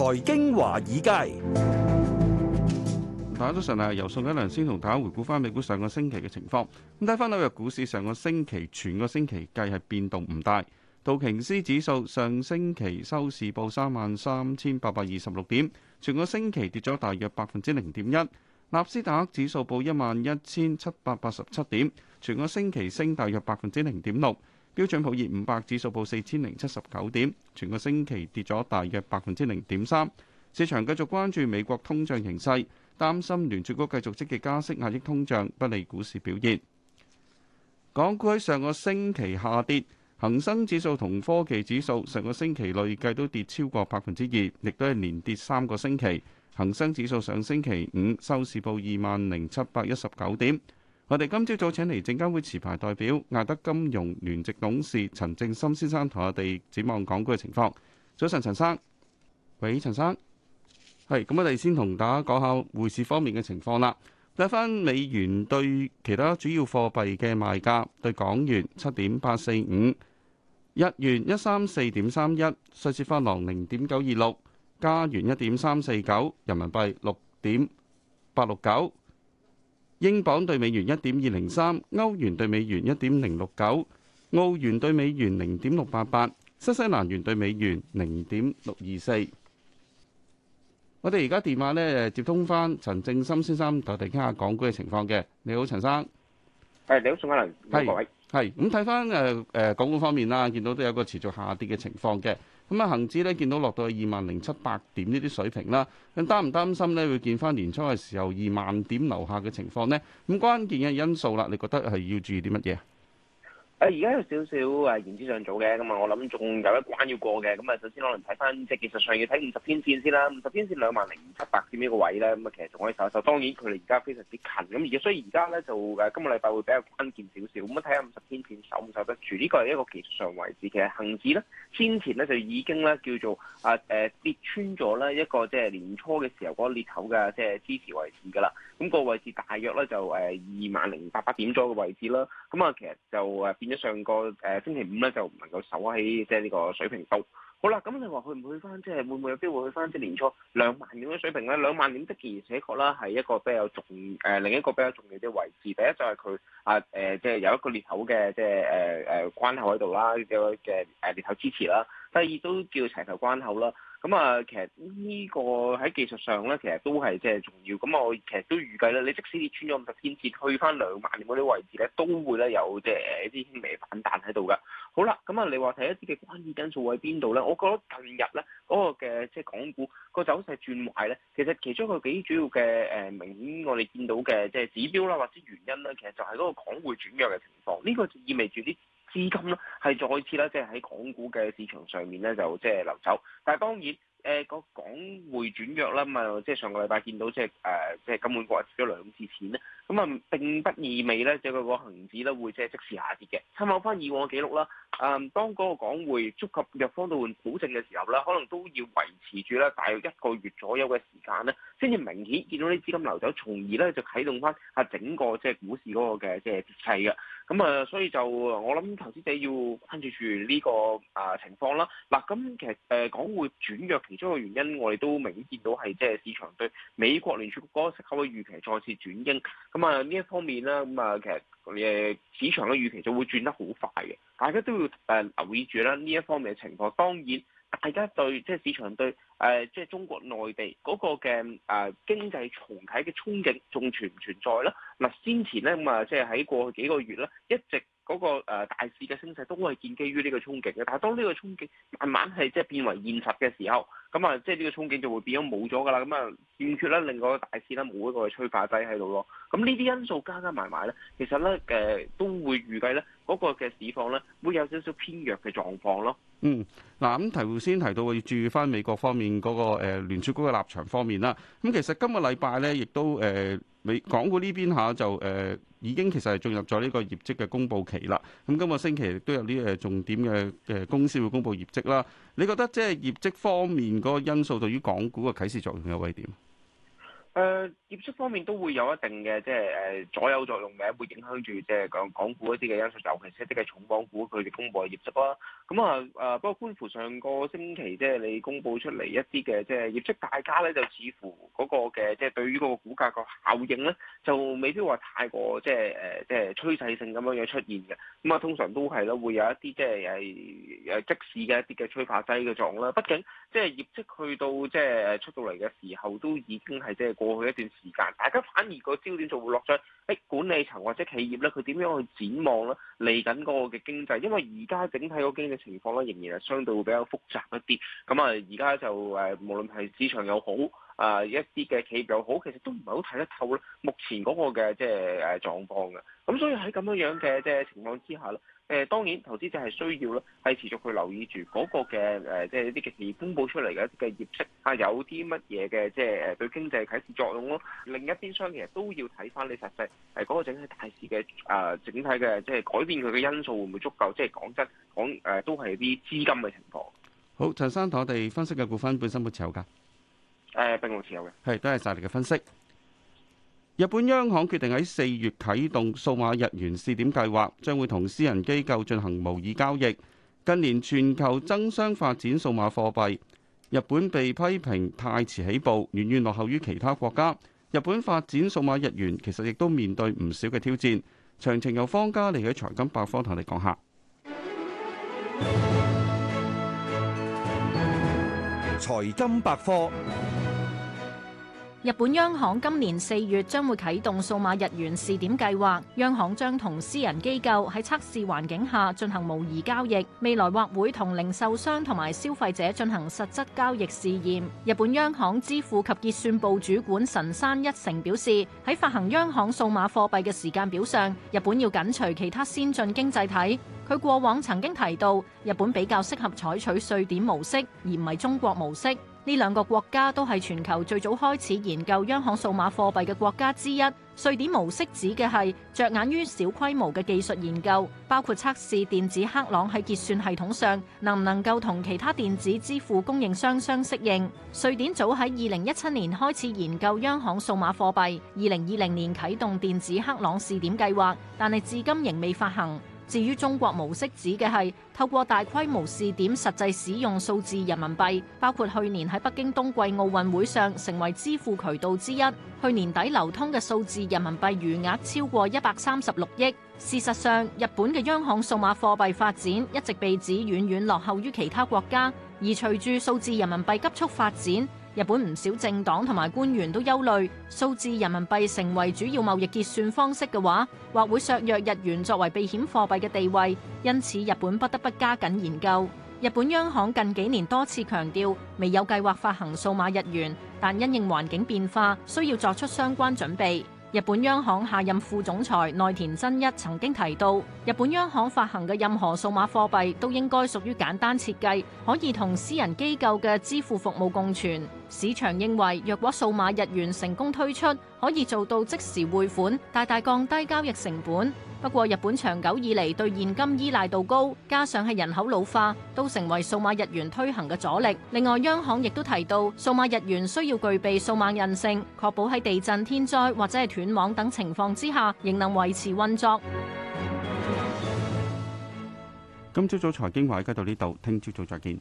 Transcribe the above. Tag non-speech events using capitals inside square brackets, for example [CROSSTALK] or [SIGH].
財經華爾街，大家早晨啊！由宋嘉良先同大家回顧翻美股上個星期嘅情況。咁睇翻紐約股市上個星期，全個星期計係變動唔大。道瓊斯指數上星期收市報三萬三千八百二十六點，全個星期跌咗大約百分之零點一。納斯達克指數報一萬一千七百八十七點，全個星期升大約百分之零點六。標準普爾五百指數報四千零七十九點，全個星期跌咗大約百分之零點三。市場繼續關注美國通脹形勢，擔心聯儲局繼續積極加息壓抑通脹，不利股市表現。港股喺上個星期下跌，恒生指數同科技指數上個星期累計都跌超過百分之二，亦都係連跌三個星期。恒生指數上星期五收市報二萬零七百一十九點。我哋今朝早請嚟證監會持牌代表亞德金融聯席董事陳正森先生同我哋展望港股嘅情況。早晨，陳生，喂，陳生，係咁，我哋先同大家講下匯市方面嘅情況啦。睇返美元對其他主要貨幣嘅賣價，對港元七點八四五，日元一三四點三一，瑞士法郎零點九二六，加元一點三四九，人民幣六點八六九。英鎊兌美元一點二零三，歐元兌美元一點零六九，澳元兌美元零點六八八，新西蘭元兌美元零點六二四。我哋而家電話咧接通翻陳正深先生，我哋聽下港股嘅情況嘅。你好，陳生。誒，你好，宋家良。係。係。咁睇翻誒誒，港股方面啦，見到都有個持續下跌嘅情況嘅。咁啊，恒指咧見到落到去二萬零七百點呢啲水平啦，你擔唔擔心咧會見翻年初嘅時候二萬點樓下嘅情況咧？咁關鍵嘅因素啦，你覺得係要注意啲乜嘢？誒而家有少少誒言之尚早嘅，咁啊我諗仲有一關要過嘅，咁啊首先可能睇返即係技術上要睇五十天線先啦，五十天線兩萬零七百點呢個位咧，咁啊其實仲可以守一守。當然佢哋而家非常之近，咁而家所以而家咧就誒今個禮拜會比較關鍵少少，咁啊睇下五十天線守唔守得住？呢個係一個技術上位置。其實恆指咧先前咧就已經咧叫做啊誒跌、啊、穿咗咧一個即係年初嘅時候嗰個裂口嘅即係支持位置㗎啦。咁、那個位置大約咧就誒二萬零八百點左右嘅位置啦。咁啊其實就誒變上個誒星期五咧就唔能夠守喺即係呢個水平度。好啦，咁你話去唔去翻，即係會唔會有機會去翻即係年初兩萬點嘅水平咧？兩萬點的而且確啦，係一個比較重誒，另一個比較重要嘅位置。第一就係佢啊誒，即係有一個裂口嘅即係誒誒關口喺度啦嘅嘅誒裂口支持啦。第二都叫齊頭關口啦。咁啊、嗯，其實呢個喺技術上咧，其實都係即係重要。咁我其實都預計咧，你即使你穿咗五十天線，去翻兩萬點嗰啲位置咧，都會咧有即係一啲輕微反彈喺度嘅。好啦，咁、嗯、啊，你話睇一啲嘅關鍵因素喺邊度咧？我覺得近日咧嗰、那個嘅即係港股、那個走勢轉壞咧，其實其中一個幾主要嘅誒、呃、明顯我哋見到嘅即係指標啦，或者原因咧，其實就係嗰個港匯轉弱嘅情況。呢、這個就意味住啲，資金咧係再次咧，即係喺港股嘅市場上面咧，就即係流走。但係當然，誒、呃、個港匯轉弱啦，咁、呃、啊，即係上個禮拜見到只誒，即係金管局啊跌咗兩次錢咧，咁、呃、啊並不意味咧，即係、那個個恆指咧會即係即時下跌嘅。參考翻以往嘅記錄啦，誒、呃、當嗰個港匯觸及弱方兌換保證嘅時候咧，可能都要維持住咧大約一個月左右嘅時間咧，先至明顯見到啲資金流走，從而咧就啟動翻啊整個即係股市嗰個嘅即係跌勢嘅。咁啊、嗯，所以就我諗投資者要關注住呢個啊、呃、情況啦。嗱、啊，咁其實誒、呃、港匯轉弱，其中一個原因我哋都明顯見到係即係市場對美國聯儲局嗰個息口嘅預期再次轉鷹。咁、嗯、啊呢一方面啦，咁、嗯、啊其實誒市場嘅預期就會轉得好快嘅，大家都要誒留意住啦呢一方面嘅情況。當然。大家對即係市場對誒、呃、即係中國內地嗰個嘅誒、呃、經濟重啟嘅憧憬仲存唔存在咧？嗱、呃，先前咧咁啊，即係喺過去幾個月咧，一直嗰、那個、呃、大市嘅升勢都係建基於呢個憧憬嘅。但係當呢個憧憬慢慢係即係變為現實嘅時候，咁、嗯、啊，即係呢個憧憬就會變咗冇咗噶啦。咁啊，欠缺咧令個大市咧冇一個催化劑喺度咯。咁呢啲因素加加埋埋咧，其實咧誒、呃、都會預計咧嗰、那個嘅市況咧會有少少偏弱嘅狀況咯。嗯，嗱咁頭先提到要注意翻美國方面嗰、那個誒、呃、聯儲局嘅立場方面啦。咁、嗯、其實今個禮拜咧，亦都誒美港股呢邊下就誒已經其實係進入咗呢個業績嘅公布期啦。咁今個星期亦都、呃呃個期嗯、個期有呢誒重點嘅誒公司會公布業績啦。你覺得即係業績方面嗰個因素對於港股嘅啟示作用又會點？誒業績方面都會有一定嘅，即係誒左右作用嘅，會影響住即係講港股一啲嘅因素，就尤其是一啲嘅重磅股佢哋公布嘅業績啦。咁啊誒，不過觀乎上個星期，即係你公布出嚟一啲嘅即係業績大家咧，就似乎嗰個嘅即係對於嗰個股價個效應咧，就未必話太過即係誒，即係趨勢性咁樣樣出現嘅。咁啊，通常都係咯，會有一啲即係誒誒即時嘅一啲嘅催化劑嘅作用啦。畢竟即係業績去到即係出到嚟嘅時候，都已經係即係。過去一段時間，大家反而個焦點就會落咗喺誒、哎、管理層或者企業咧，佢點樣去展望咧嚟緊嗰個嘅經濟？因為而家整體個經濟情況咧，仍然係相對會比較複雜一啲。咁、嗯、啊，而家就誒、呃，無論係市場又好。啊、 [MUSIC] 嗯！一啲嘅企業又好，其實都唔係好睇得透咧。目前嗰個嘅即係誒狀況嘅，咁、嗯、所以喺咁樣樣嘅即係情況之下咧，誒、呃、當然投資者係需要咧，係持續去留意住嗰個嘅誒，即係一啲嘅企業公佈出嚟嘅一啲嘅業績，係、啊、有啲乜嘢嘅即係誒對經濟啟示作用咯。另一邊廂其實都要睇返你實際誒嗰個整體大市嘅誒整體嘅即係改變佢嘅因素會唔會足夠？即、就、係、是、講真講誒，都係啲資金嘅情況。好，陳生同我哋分析嘅部分本身冇持有價。誒、 [MUSIC] 哎，並冇持有嘅。係，多謝晒你嘅分析。日本央行決定喺四月啟動數碼日元試點計劃，將會同私人機構進行模擬交易。近年全球爭相發展數碼貨幣，日本被批評太遲起步，遠遠落後於其他國家。日本發展數碼日元其實亦都面對唔少嘅挑戰。詳情由方家利喺財金百科同你講下。財金百科。日本央行今年四月將會啟動數碼日元試點計劃，央行將同私人機構喺測試環境下進行模擬交易，未來或會同零售商同埋消費者進行實質交易試驗。日本央行支付及結算部主管神山一成表示，喺發行央行數碼貨幣嘅時間表上，日本要緊隨其他先進經濟體。佢過往曾經提到，日本比較適合採取瑞典模式，而唔係中國模式。呢兩個國家都係全球最早開始研究央行數碼貨幣嘅國家之一。瑞典模式指嘅係着眼於小規模嘅技術研究，包括測試電子克朗喺結算系統上能唔能夠同其他電子支付供應商相適應。瑞典早喺二零一七年開始研究央行數碼貨幣，二零二零年啟動電子克朗試點計劃，但係至今仍未發行。至於中國模式，指嘅係透過大規模試點實際使用數字人民幣，包括去年喺北京冬季奧運會上成為支付渠道之一。去年底流通嘅數字人民幣餘額超過一百三十六億。事實上，日本嘅央行數碼貨幣發展一直被指遠遠落後於其他國家，而隨住數字人民幣急速發展。日本唔少政黨同埋官員都憂慮數字人民幣成為主要貿易結算方式嘅話，或會削弱日元作為避險貨幣嘅地位。因此，日本不得不加緊研究。日本央行近幾年多次強調未有計劃發行數碼日元，但因應環境變化，需要作出相關準備。日本央行下任副總裁內田真一曾經提到，日本央行發行嘅任何數碼貨幣都應該屬於簡單設計，可以同私人機構嘅支付服務共存。市場認為，若果數碼日元成功推出，可以做到即時匯款，大大降低交易成本。不過，日本長久以嚟對現金依賴度高，加上係人口老化，都成為數碼日元推行嘅阻力。另外，央行亦都提到，數碼日元需要具備數碼韌性，確保喺地震、天災或者係斷網等情況之下，仍能維持運作。今朝早財經話解到呢度，聽朝早再見。